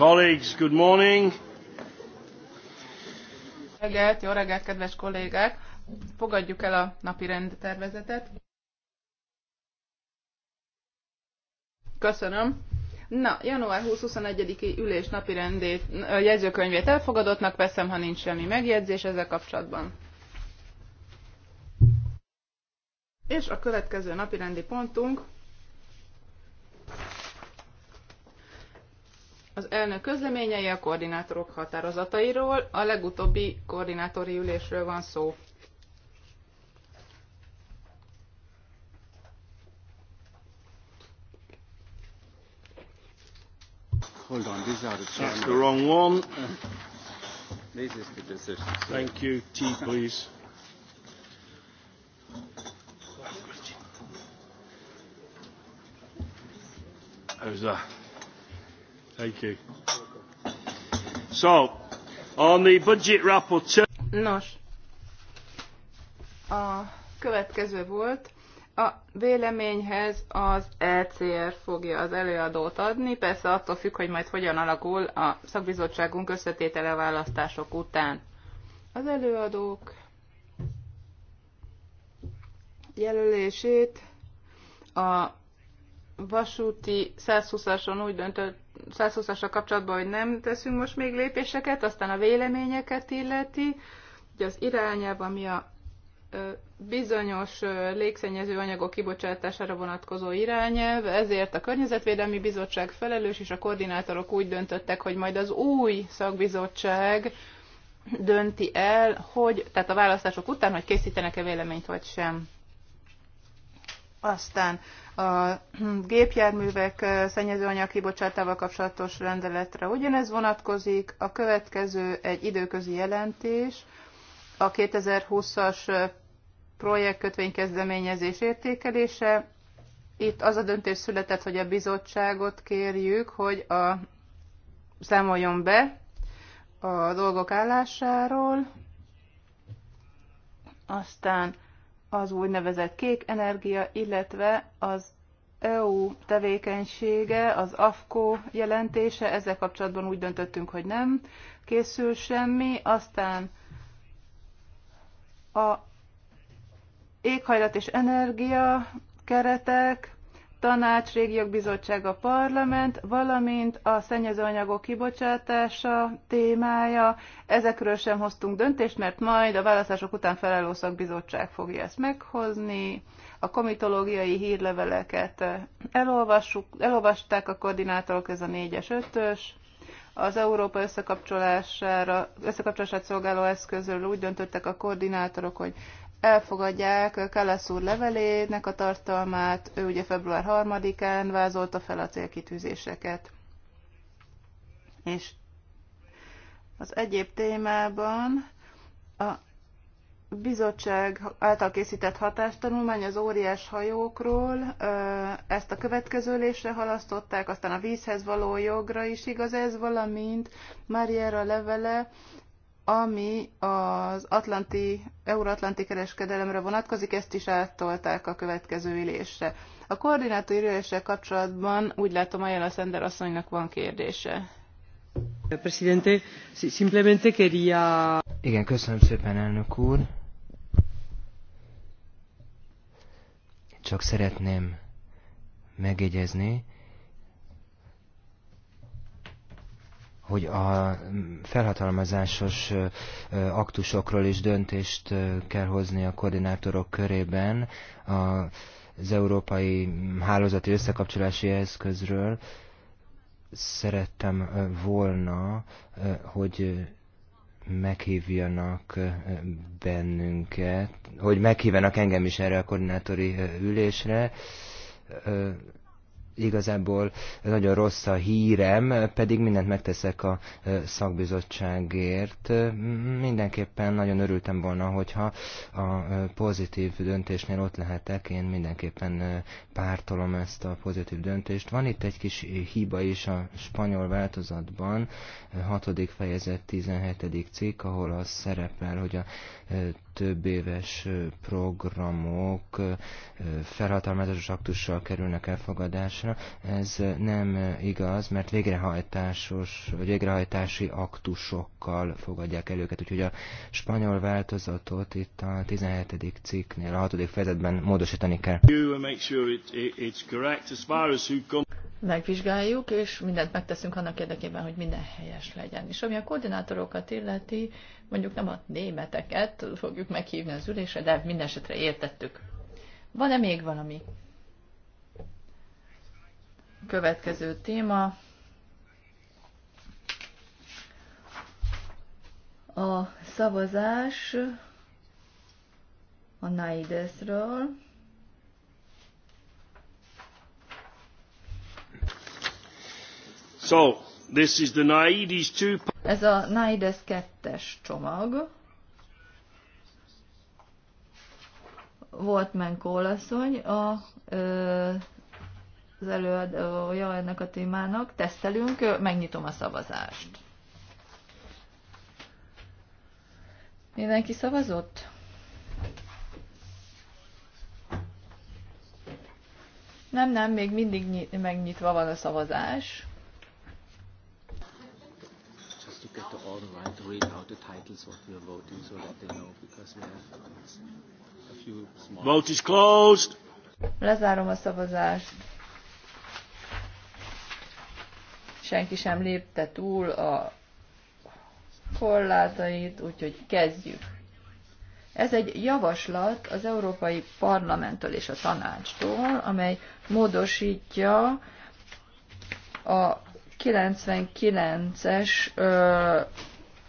Colleagues, good morning. Reggelt, jó reggelt, kedves kollégák! Fogadjuk el a napi tervezetet. Köszönöm. Na, január 20-21-i ülés napi rendét, jegyzőkönyvét elfogadottnak veszem, ha nincs semmi megjegyzés ezzel kapcsolatban. És a következő napi rendi pontunk az elnök közleményei a koordinátorok határozatairól, a legutóbbi koordinátori ülésről van szó. Hold on, these are the That's the wrong one. This is the decision. Thank you. Tea, please. How's that? Nos, a következő volt, a véleményhez az ECR fogja az előadót adni, persze attól függ, hogy majd hogyan alakul a szakbizottságunk összetétele választások után. Az előadók jelölését a vasúti 120-ason úgy döntött, 120-asra kapcsolatban, hogy nem teszünk most még lépéseket, aztán a véleményeket illeti, hogy az irányelv, ami a bizonyos légszennyező anyagok kibocsátására vonatkozó irányelv, ezért a Környezetvédelmi Bizottság felelős, és a koordinátorok úgy döntöttek, hogy majd az új szakbizottság dönti el, hogy, tehát a választások után, hogy készítenek-e véleményt vagy sem. Aztán a gépjárművek szennyezőanyag kibocsátával kapcsolatos rendeletre ugyanez vonatkozik. A következő egy időközi jelentés, a 2020-as projektkötvény kezdeményezés értékelése. Itt az a döntés született, hogy a bizottságot kérjük, hogy a, számoljon be a dolgok állásáról. Aztán az úgynevezett kék energia, illetve az EU tevékenysége, az AFKO jelentése, ezzel kapcsolatban úgy döntöttünk, hogy nem készül semmi, aztán a éghajlat és energia keretek, tanács, régiók a parlament, valamint a szennyezőanyagok kibocsátása témája. Ezekről sem hoztunk döntést, mert majd a választások után felálló szakbizottság fogja ezt meghozni. A komitológiai hírleveleket elolvassuk, elolvasták a koordinátorok, ez a 4-es, 5-ös. Az Európa összekapcsolására, összekapcsolását szolgáló eszközről úgy döntöttek a koordinátorok, hogy elfogadják Kalasz úr levelének a tartalmát, ő ugye február 3-án vázolta fel a célkitűzéseket. És az egyéb témában a bizottság által készített hatástanulmány az óriás hajókról, ezt a következő lésre halasztották, aztán a vízhez való jogra is igaz ez, valamint Mariera levele ami az atlanti, euróatlanti kereskedelemre vonatkozik, ezt is áttolták a következő ülésre. A koordinátor üléssel kapcsolatban úgy látom, Ajala Szender asszonynak van kérdése. Presidente, simplemente quería... Igen, köszönöm szépen, elnök úr. Csak szeretném megjegyezni, hogy a felhatalmazásos aktusokról is döntést kell hozni a koordinátorok körében az európai hálózati összekapcsolási eszközről. Szerettem volna, hogy meghívjanak bennünket, hogy meghívjanak engem is erre a koordinátori ülésre igazából nagyon rossz a hírem, pedig mindent megteszek a szakbizottságért. Mindenképpen nagyon örültem volna, hogyha a pozitív döntésnél ott lehetek, én mindenképpen pártolom ezt a pozitív döntést. Van itt egy kis hiba is a spanyol változatban, 6. fejezet 17. cikk, ahol az szerepel, hogy a több éves programok felhatalmazásos aktussal kerülnek elfogadásra. Ez nem igaz, mert végrehajtásos, vagy végrehajtási aktusokkal fogadják el őket. Úgyhogy a spanyol változatot itt a 17. cikknél, a 6. fejezetben módosítani kell megvizsgáljuk, és mindent megteszünk annak érdekében, hogy minden helyes legyen. És ami a koordinátorokat illeti, mondjuk nem a németeket fogjuk meghívni az ülésre, de minden esetre értettük. Van-e még valami? Következő téma. A szavazás a Naidesről. So, this is the Naides 2. Ez a Naides 2-es csomag. Volt Menkólaszony, a, ö, az előadója ennek a témának. Tesztelünk, megnyitom a szavazást. Mindenki szavazott? Nem, nem, még mindig megnyitva van a szavazás. to Dr. Albright read out the titles what we are voting so that they know because we have a few small... Vote is closed! Lezárom a szavazást. Senki sem lépte túl a korlátait, úgyhogy kezdjük. Ez egy javaslat az Európai Parlamenttől és a Tanácstól, amely módosítja a 99-es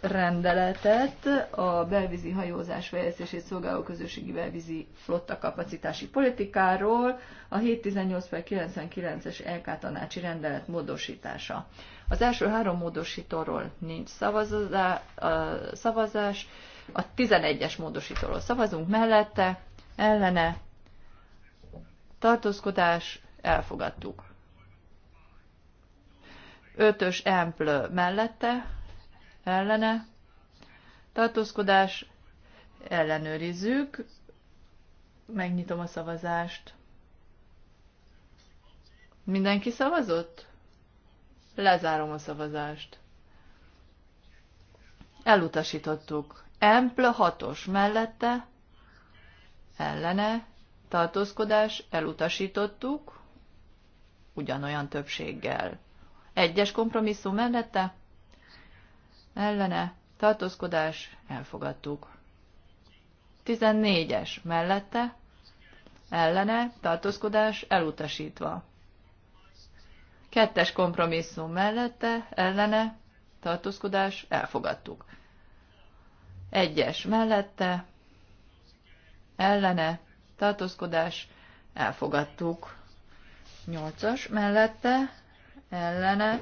rendeletet a belvízi hajózás fejlesztését szolgáló közösségi belvízi flotta kapacitási politikáról, a 718 99-es LK tanácsi rendelet módosítása. Az első három módosítóról nincs szavazás, a 11-es módosítóról szavazunk mellette, ellene, tartózkodás, elfogadtuk. Ötös emplő mellette, ellene, tartózkodás, ellenőrizzük, megnyitom a szavazást. Mindenki szavazott? Lezárom a szavazást. Elutasítottuk. Empl 6-os mellette, ellene, tartózkodás, elutasítottuk, ugyanolyan többséggel. Egyes kompromisszum mellette ellene tartózkodás elfogadtuk. 14-es mellette ellene tartózkodás elutasítva. Kettes kompromisszum mellette ellene tartózkodás elfogadtuk. Egyes mellette ellene tartózkodás elfogadtuk. Nyolcas mellette ellene,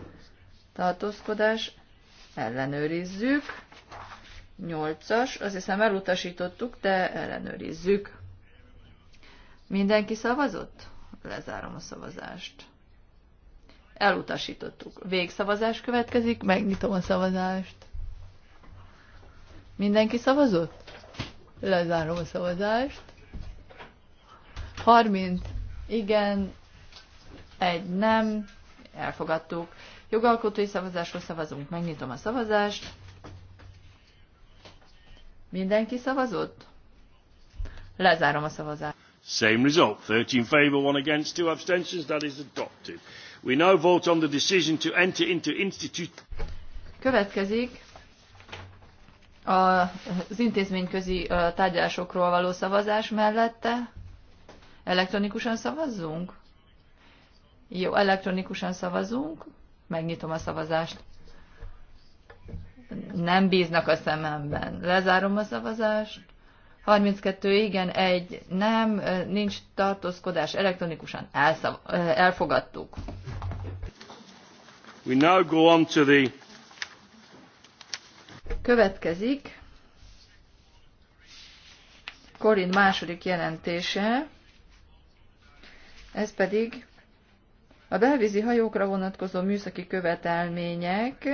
tartózkodás, ellenőrizzük. 8-as, azt hiszem elutasítottuk, de ellenőrizzük. Mindenki szavazott? Lezárom a szavazást. Elutasítottuk. Végszavazás következik, megnyitom a szavazást. Mindenki szavazott? Lezárom a szavazást. 30 igen, egy nem, elfogadtuk. Jogalkotói szavazásról szavazunk, megnyitom a szavazást. Mindenki szavazott? Lezárom a szavazást. Same result, 13 favour, 1 against, 2 abstentions, that is adopted. We now vote on the decision to enter into institute... Következik a az intézményközi tárgyalásokról való szavazás mellette elektronikusan szavazzunk? Jó, elektronikusan szavazunk. Megnyitom a szavazást. Nem bíznak a szememben. Lezárom a szavazást. 32 igen, egy nem, nincs tartózkodás, elektronikusan elszav, elfogadtuk. We now go on to the... Következik Korin második jelentése, ez pedig a belvízi hajókra vonatkozó műszaki követelmények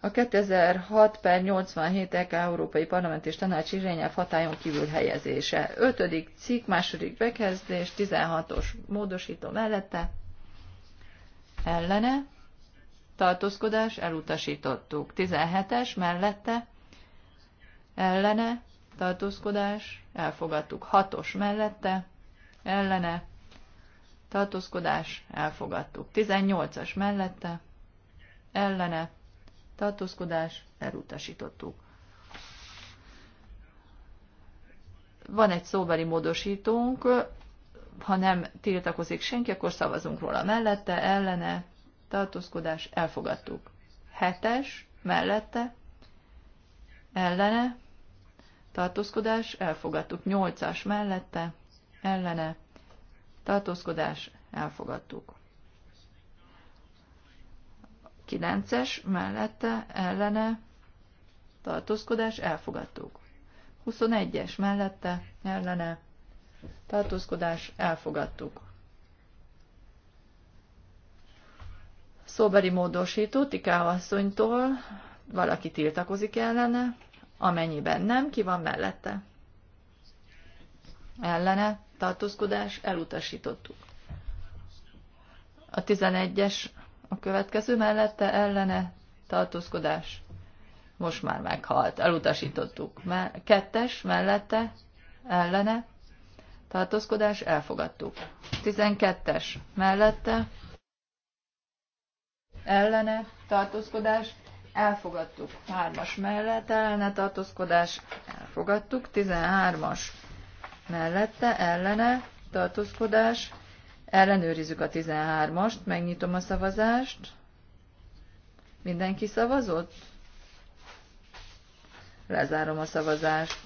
a 2006 per 87 EK Európai Parlament és Tanács irányelv hatályon kívül helyezése. 5. cikk, második bekezdés, 16-os módosító mellette, ellene, tartózkodás, elutasítottuk. 17-es mellette, ellene, tartózkodás, elfogadtuk. 6-os mellette, ellene, tartózkodás, elfogadtuk. 18-as mellette, ellene, tartózkodás, elutasítottuk. Van egy szóbeli módosítónk, ha nem tiltakozik senki, akkor szavazunk róla mellette, ellene, tartózkodás, elfogadtuk. Hetes, mellette, ellene, tartózkodás, elfogadtuk. Nyolcas mellette, ellene, tartózkodás, elfogadtuk. 9-es mellette, ellene, tartózkodás, elfogadtuk. 21-es mellette, ellene, tartózkodás, elfogadtuk. Szóbeli módosító Tiká asszonytól valaki tiltakozik ellene, amennyiben nem, ki van mellette. Ellene, tartózkodás elutasítottuk. A 11-es a következő mellette ellene tartózkodás most már meghalt, elutasítottuk. Kettes mellette ellene tartózkodás elfogadtuk. 12-es mellette ellene tartózkodás elfogadtuk. 3-as mellett ellene tartózkodás elfogadtuk. 13-as mellette, ellene, tartózkodás, ellenőrizzük a 13-ast, megnyitom a szavazást. Mindenki szavazott? Lezárom a szavazást.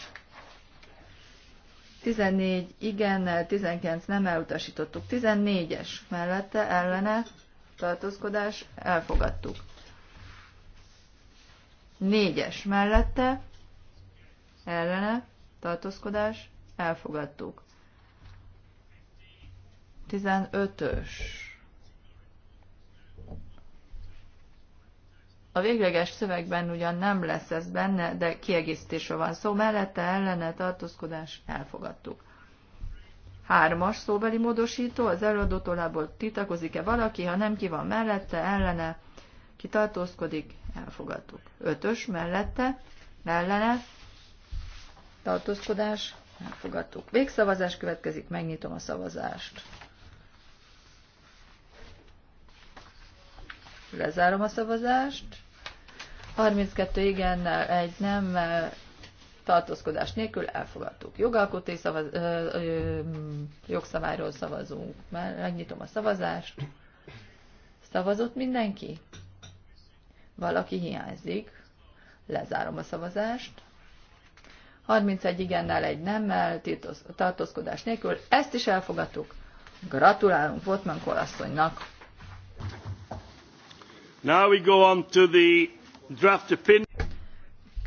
14 igennel, 19 nem elutasítottuk. 14-es mellette, ellene, tartózkodás, elfogadtuk. 4-es mellette, ellene, tartózkodás, elfogadtuk. 15-ös. A végleges szövegben ugyan nem lesz ez benne, de kiegészítésre van szó, mellette ellene tartózkodás elfogadtuk. Hármas szóbeli módosító, az előadó tolából titakozik-e valaki, ha nem ki van mellette, ellene, ki tartózkodik, elfogadtuk. Ötös mellette, ellene, tartózkodás, Elfogadtuk. Végszavazás következik, megnyitom a szavazást. Lezárom a szavazást. 32 igennel, egy nem. tartózkodás nélkül elfogadtuk. Jogalkotói szavaz, ö, ö, jogszabályról szavazunk. Már megnyitom a szavazást. Szavazott mindenki? Valaki hiányzik. Lezárom a szavazást. 31 igennel, egy nemmel, tartózkodás nélkül. Ezt is elfogadtuk. Gratulálunk Votman kolasszonynak. Now we go on to the draft opinion.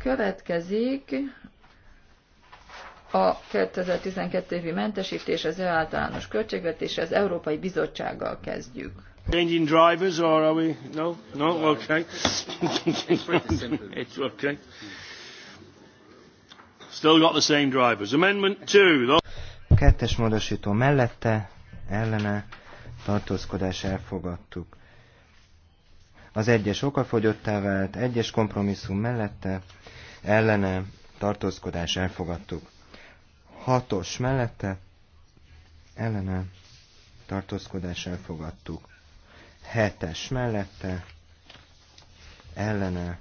Következik a 2012 évi mentesítés az általános költségvetés, az Európai Bizottsággal kezdjük. Changing drivers or are we? No, no, okay. It's okay. Still got the same drivers. Amendment Kettes módosító mellette, ellene, tartózkodás elfogadtuk. Az egyes okafogyottá vált, egyes kompromisszum mellette, ellene, tartózkodás elfogadtuk. Hatos mellette, ellene, tartózkodás elfogadtuk. Hetes mellette, ellene,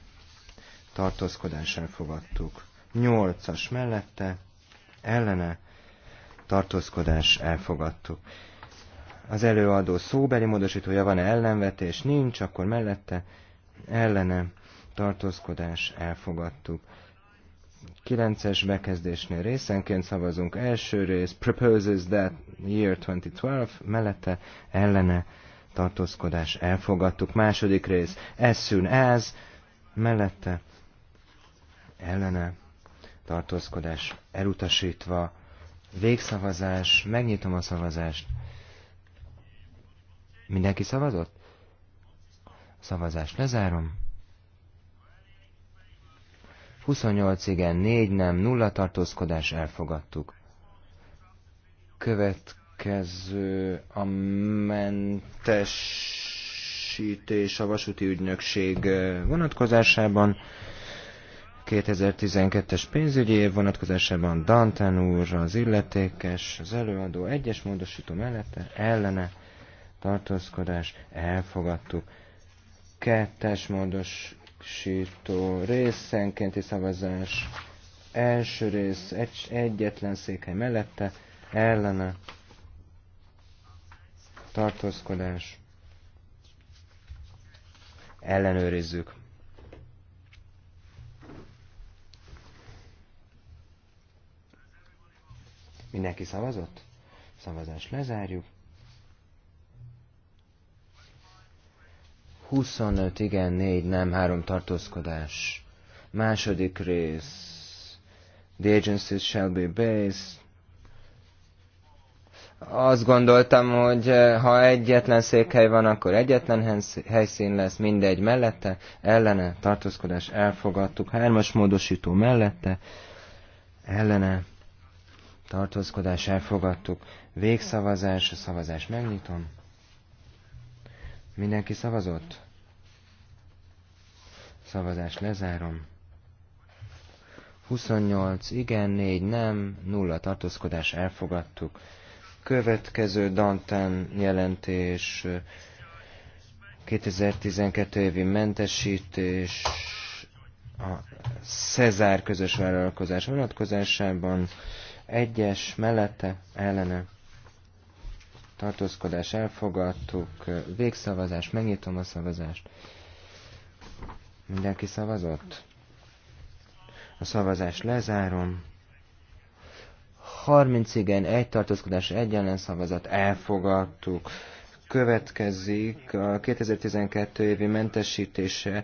tartózkodás elfogadtuk. 8-as mellette, ellene, tartózkodás elfogadtuk. Az előadó szóbeli módosítója van-e ellenvetés? Nincs, akkor mellette, ellene, tartózkodás elfogadtuk. 9-es bekezdésnél részenként szavazunk. Első rész proposes that year 2012, mellette ellene tartózkodás elfogadtuk. Második rész as soon as, mellette ellene tartózkodás elutasítva, végszavazás, megnyitom a szavazást. Mindenki szavazott? A szavazást lezárom. 28 igen, 4 nem, nulla tartózkodás elfogadtuk. Következő a mentesítés a vasúti ügynökség vonatkozásában. 2012-es pénzügyi év vonatkozásában Dantán úr, az illetékes, az előadó egyes módosító mellette, ellene tartózkodás, elfogadtuk. Kettes módosító részenkénti szavazás, első rész egy, egyetlen székely mellette, ellene tartózkodás, ellenőrizzük. Mindenki szavazott? Szavazást lezárjuk. 25 igen, 4 nem, 3 tartózkodás. Második rész. The agencies shall be based. Azt gondoltam, hogy eh, ha egyetlen székhely van, akkor egyetlen helyszín lesz, mindegy mellette, ellene, tartózkodás elfogadtuk, hármas módosító mellette, ellene, tartózkodás elfogadtuk. Végszavazás, a szavazás megnyitom. Mindenki szavazott? Szavazás lezárom. 28, igen, 4, nem, 0 tartózkodás elfogadtuk. Következő Danten jelentés 2012 évi mentesítés a Cezár közös vállalkozás vonatkozásában egyes mellette ellene tartózkodás elfogadtuk, végszavazás, megnyitom a szavazást. Mindenki szavazott? A szavazást lezárom. 30 igen, egy tartózkodás, egy szavazat elfogadtuk következik a 2012 évi mentesítése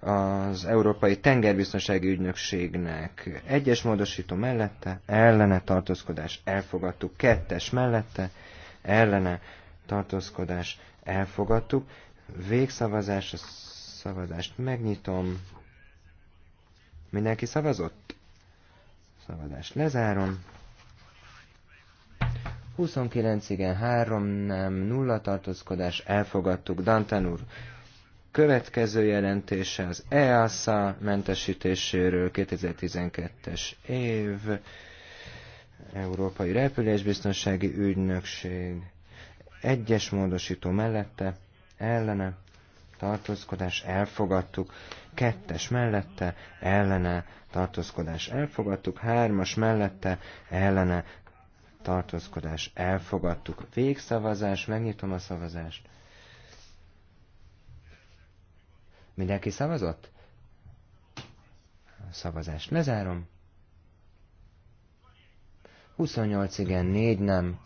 az Európai Tengerbiztonsági Ügynökségnek. Egyes módosító mellette, ellene tartózkodás elfogadtuk. Kettes mellette, ellene tartózkodás elfogadtuk. Végszavazás, a szavazást megnyitom. Mindenki szavazott? Szavazást lezárom. 29 igen, 3 nem, nulla tartózkodás, elfogadtuk. Dantan úr, következő jelentése az EASA mentesítéséről 2012-es év, Európai Repülésbiztonsági Ügynökség, egyes módosító mellette, ellene, tartózkodás, elfogadtuk, kettes mellette, ellene, tartózkodás, elfogadtuk, hármas mellette, ellene, tartózkodás elfogadtuk. Végszavazás, megnyitom a szavazást. Mindenki szavazott? A szavazást lezárom. 28 igen, 4 nem,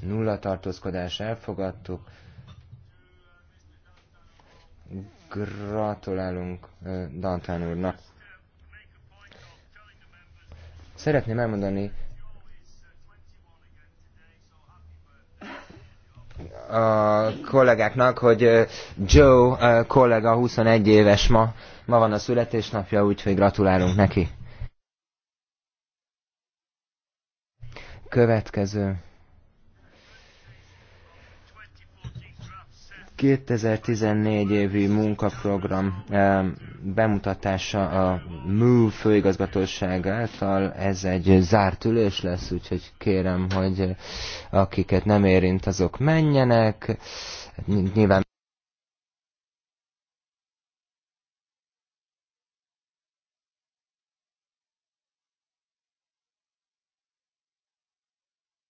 nulla tartózkodás elfogadtuk. Gratulálunk Dantán úrnak. Szeretném elmondani a kollégáknak, hogy Joe kollega 21 éves ma, ma van a születésnapja, úgyhogy gratulálunk neki. Következő. 2014 évi munkaprogram eh, bemutatása a MU főigazgatóság által, ez egy zárt ülés lesz, úgyhogy kérem, hogy eh, akiket nem érint, azok menjenek. Hát nyilván